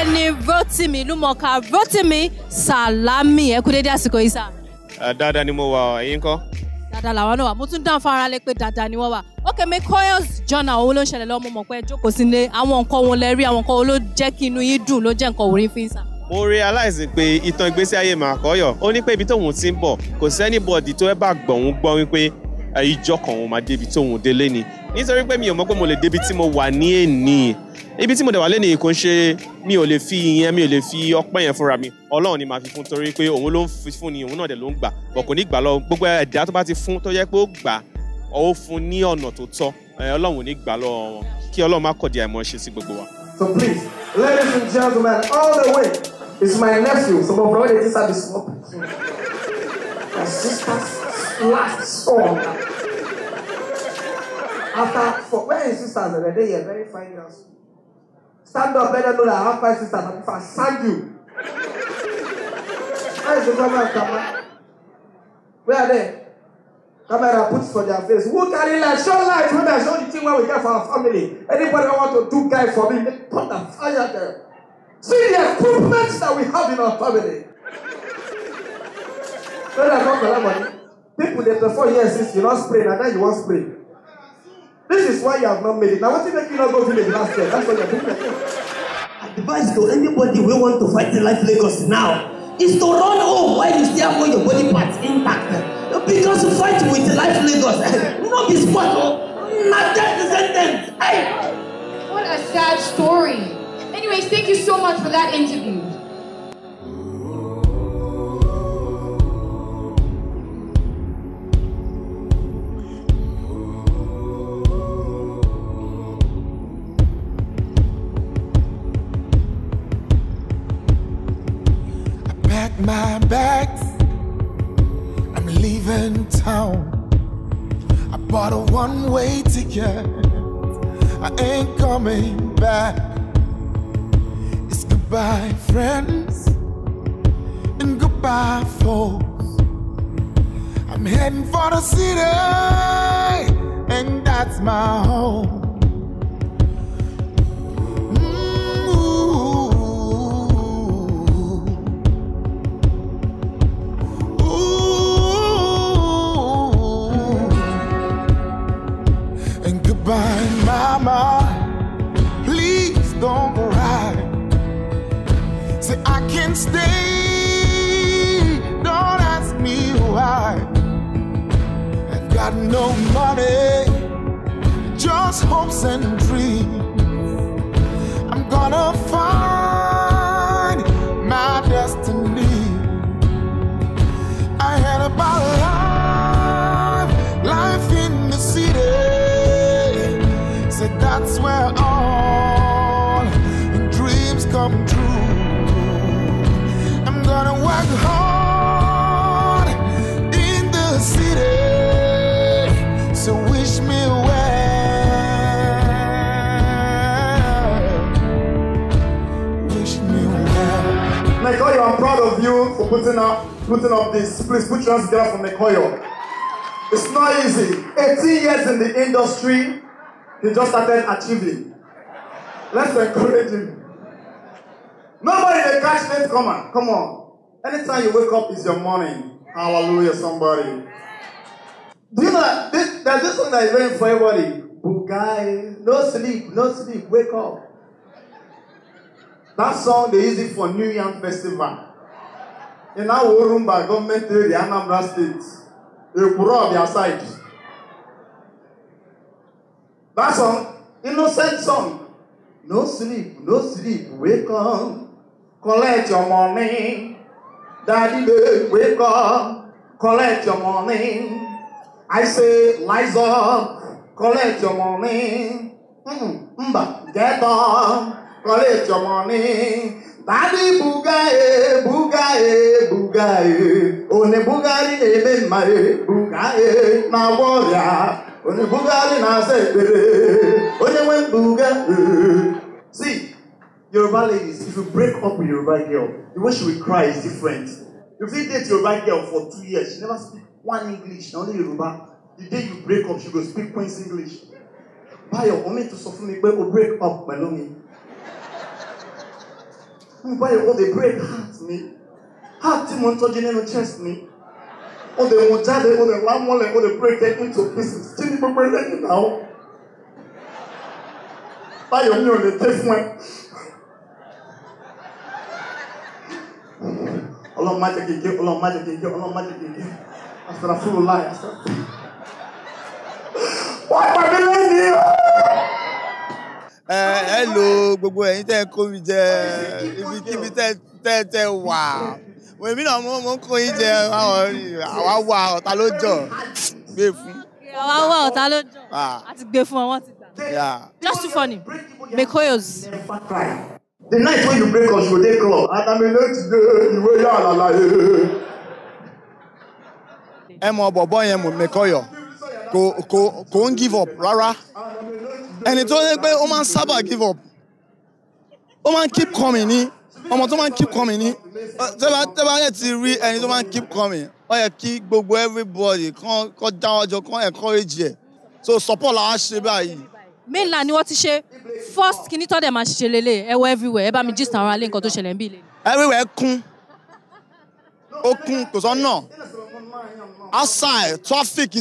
Ọ̀gbẹ́ni Rotimi ìlúmọ̀ọ́ká Rotimi Salami ẹ kú dédé àsìkò yìí sà. dáadáa ni mo wà ẹ̀yin kọ́. dáadáa làwọn náà wà mo tún dáhùn fara lé pé dáadáa ni wọ́n wà ókè mi coils jọ̀nà òun ló ń ṣẹlẹ̀ lọ́wọ́ mo mọ̀ pé ẹ jókòó sí ilé àwọn nǹkan wọn lẹ rí àwọn nǹkan wọn ló jẹ́ kí inú yín dùn ló jẹ́ nǹkan òwúrí fi ń sà mo realize pé ìtàn ìgbésí ayé Màkọ́yọ̀ ó ní pé ibi tóun ti ń bọ̀ kò sẹ́nibọ̀dì tó ẹ bá gbọ̀n gbọ́ wípé ìjọ kan òun máa débi tóun délé ni nítorí pé mi ò mọ̀ pé mo lè débi tí mo wà ní èní ibi tí mo dẹ̀ wà lẹ́nìí kò ń ṣe mi ò lè fi ìyẹn mi ò lè fi ọpẹ́ yẹn fúnra mi ọlọ́run ni màá fi fún torí pé òun ló ń fi fún ni òun náà dẹ̀ ló ń gbà bọ̀ kò ní gbà lọ gbogbo ẹ̀dá tó bá ti fún tó yẹ pé ó gbà ó fún ní ọ̀nà tó tọ́ ọlọ́run ò ní gbà lọ́wọ́ wọn kí ọlọ́run má kọ̀dí àìmọ̀ ṣe sí gbogbo wa. So please, ladies and gentlemen, all the way is my nephew, so my brother is at the swap. My sister's last song. After, for, where is sister already? They are very fine girls. Stand up, better know that I have five sisters, but if I send you. Where is the camera, camera? Where are they? Camera puts for their face. Who carry life? Show light. When I show the thing what we get for our family. Anybody want to do guy for me, put the fire there. See the improvements that we have in our family. When I come for that money, people they prefer yes, since you not spray, and now you want spray is why you have not made it. Now, it if you not go village last year? That's what you're doing. Advice to anybody who want to fight in life Lagos now is to run home while you still have all your body parts intact. Because fight with life Lagos, eh, oh. not be spot on, not is the sentence. Hey. What a sad story. Anyways, thank you so much for that interview. one way ticket. I ain't coming back. It's goodbye, friends, and goodbye, folks. I'm heading for the city, and that's my home. no money, just hopes and dreams. I'm gonna find my destiny. I had about life, life in the city. Said that's where all dreams come true. I'm gonna work hard. putting up putting up this. Please put your hands together for McCoy. It's not easy. 18 years in the industry, he just started achieving. Let's encourage him. Nobody in the catchment, come on, come on. Anytime you wake up is your morning. Hallelujah, somebody. Do you know that this, there's this one that is very for everybody? Bugai, no sleep, no sleep, wake up. That song they use it for New Year Festival. ị na-awụ Orumba gọọmenti eri Anambra steeti ekwuru ọbịa side that song innocent song no sleep no sleep wake up collect your money daddy babe wake up collect your money I say Liza, collect your money hmm, mba get up collect your money. Badi bugae, bugae, bugae. One bugari na-eme mma e, bugae na-agwọ ọrịa. Onye bugari na-asa ekpere. Onye nwe buga. See, Yoruba ladies, if you break up with Yoruba girl, the way she will cry is different. If you date Yoruba girl for two years, she never speak one English, na only Yoruba. The day you break up, she go speak Queen's English. Bayo, o mi tún sọ fún mi pé o break up pẹ̀lú mi wípé ìwọ́n dey break heart mi heart tí mo ń tọ́jú nínú chest mi ó lè wò jáde ó lè wá mọ́lẹ̀ ó lè break it into pieces tí ní gbogbo lẹ́yìn náà báyọ̀ mi ò lè dé fún ẹ. ọlọ́run má jẹ́ kéèké ọlọ́run má jẹ́ kéèké ọlọ́run má jẹ́ kéèké àsàràfúrò láì àsàràfúrò. wọ́n pàdé lẹ́yìn o. Hello, lo gbogbo ẹ̀yin tẹ́ ẹ kó mi jẹ ibikíbi tẹ́ tẹ́ wà èmi náà mo mo ń kó yín jẹ àwa wà ọ̀tá ló jọ gbé e fún. àwa wà ọ̀tá ló jọ àti gbé e fún ọwọ́ ti gbà. just too funny mekoyos. the night when you break us go dey club atamele ti dé ìwé yà àlàyé. ẹ mọ bọ̀bọ́ yẹn mọ̀ mẹ́kọ́yọ̀ kò kò kò ń give up rárá ẹni tó yẹ pé ó máa ń sábà give up ó máa ń keep coming ní ọmọ tó máa ń keep coming ní tẹ́bá tẹ́bá yẹ ti rí ẹni tó máa ń keep coming ó yẹ kí gbogbo everybody kàn kàn dáwọ́ jọ kàn encourage ẹ̀ so support làwọn ṣe báyìí. mainland ni wọ́n ti ṣe first kìíní tọ́ dẹ̀ máa ṣe lélẹ̀ ẹ wọ everywhere ẹ bá mi gist àwọn alẹ́ nǹkan tó ṣẹlẹ̀ ń bí ilé. everywhere kún ó kún kò sọ́nà outside traffic ti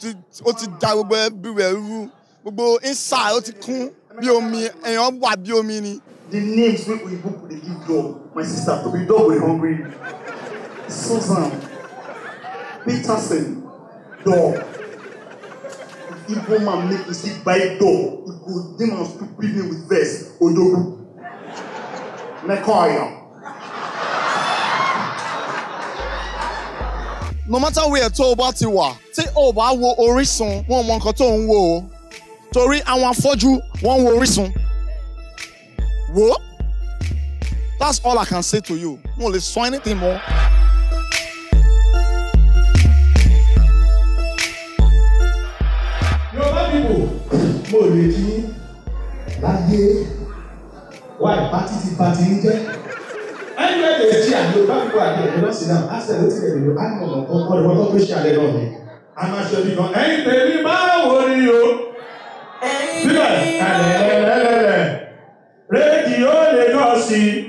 ti ó ti da gbogbo everywhere rú gbogbo inside ó ti kún bí omi èèyàn wà bí omi ni. the names wey oyibo go dey give dog my sister tobi dog wey hungry susan peterson dog igbo man make you see buy dog e go name am stupid name with verse odogwu mekoya. no matter where tó o bá ti wà tí o bá wo Orísun wọn mọ nǹkan tó ń wò o torí àwọn afọ́jú wọ́n ń wo Orísun wo that's all I can say to you n ò lè sọ anything more. Yorùbá pipo mo lè jí láyé wà ìpátí ti ba ti ń jẹ́ anywhere they see am Yorùbá pipo àgbẹ̀ ẹ̀ lọ́sìn náà àṣẹ ló ti lè lò á nà ọ̀kọ́ ọ̀rẹ́ wọn tó gbé ṣe àlẹ́ náà ni a máa ṣe bí gan ẹ̀yin tèmi báwo ni o síbẹ̀ ẹ̀lẹ́lẹ́lẹ́lẹ́ rédíò lè náà sí i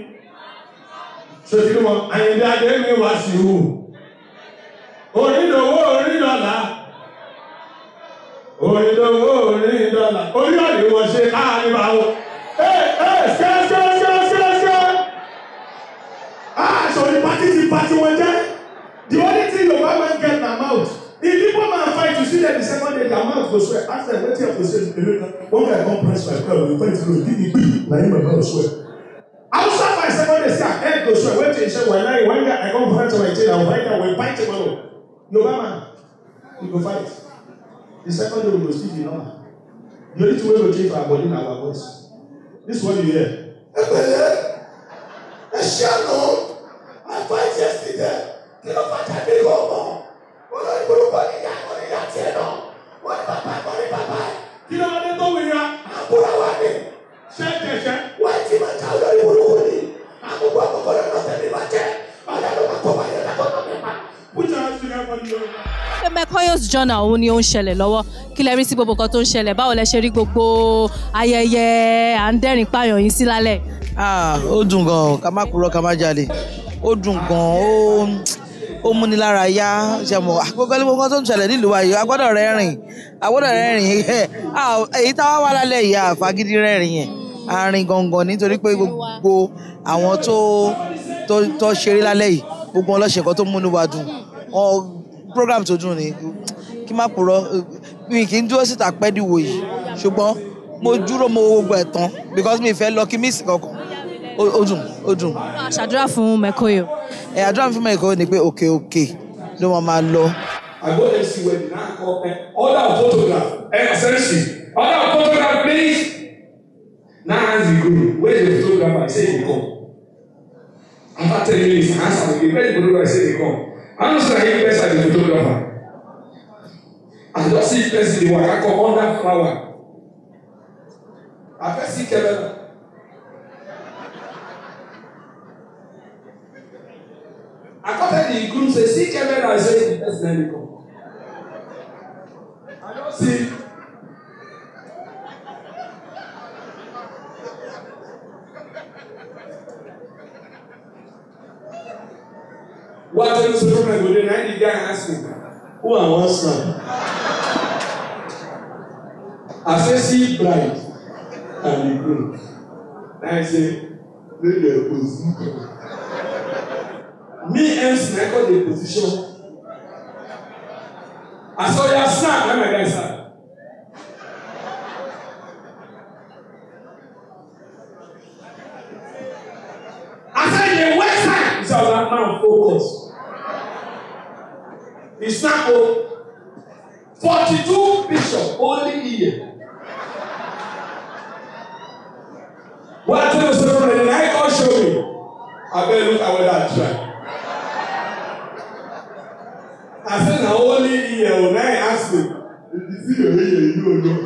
sotiri mọ Àyìndé Adéwì wá sí i wò onídòwò onídọ̀là onídòwò onídọ̀là onídọ̀là wọ́n ṣe káàrin bá wọ ẹ ẹ ṣẹ́ṣẹ́ṣẹ́ṣẹ́ a sọ ní pati ti pati wọn jẹ́. See student the second day their mouth goes swear ask them wetin your position be later one guy come press my car with point through." give me beat na him my mouth swear outside my second day say i head goes swear wetin he say wa nai one guy i come press my chain and one guy wey bite him alone no mama we go fight the second day we will still be normal the only thing wey go change our body na our voice this one you hear. ẹ pẹ̀lẹ́ ẹ ṣe àná. People's Journal òun ni ó ń ṣẹlẹ̀ lọ́wọ́ kí lẹ rí sí gbogbo nǹkan tó ń ṣẹlẹ̀ báwo lẹ ṣe rí gbogbo ayẹyẹ à ń dẹ́rìn pààyàn yìí sí lálẹ́. Ah, ó dùn gan ká má kúrò ká má jalè ó dùn gan ó ó múni lára yá ṣe mọ àgbẹ̀gbẹ̀ ní gbogbo tó ń ṣẹlẹ̀ nílùú ayò agbọ́dọ̀ rẹ rìn agbọ́dọ̀ rẹ rìn ah, èyí táwa wà lálẹ́ yìí àfagídí rẹ rìn yẹn àárín gangan nítorí pé gbogbo àwọn tó tó ṣeré lálẹ́ yìí gbogbo ọlọ́ṣẹ̀kọ́ tó múnú wa dùn program tó dùn ni kí má purọ́ mi kì í dúró síta pẹ́ dìwò yìí ṣùgbọ́n mo dúró mo wo gbogbo ẹ̀ tán because mi fẹ́ lọ kí mi sì kankan ó dùn ó dùn. ṣàdúrà fún mẹ́kọ́yọ̀. ẹ̀ àdúrà fún mẹ́kọ́yọ̀ ni pé òkè òkè ló máa máa lọ. I go there see wedding now call eh order photograph excellency order photograph please now ask the guru where the photographer say he come after ten minutes answer me where the photographer say he come I don't see person as a photographer. I don't see person dey waka come under flower. I first see camera. I come tell the groom say see camera and say the person let me come. I don't see. What are you supposed to do? Then I did ask him. Who are once now? I say see bride and the groom. Then I say, no dey pose. Me and Snake got the position. I saw your snap when my guy 42 bishops only here. What time I said, from the night God showed me, I better look at what I try. I said, now only here, oh, when I asked him, is he here, you don't know.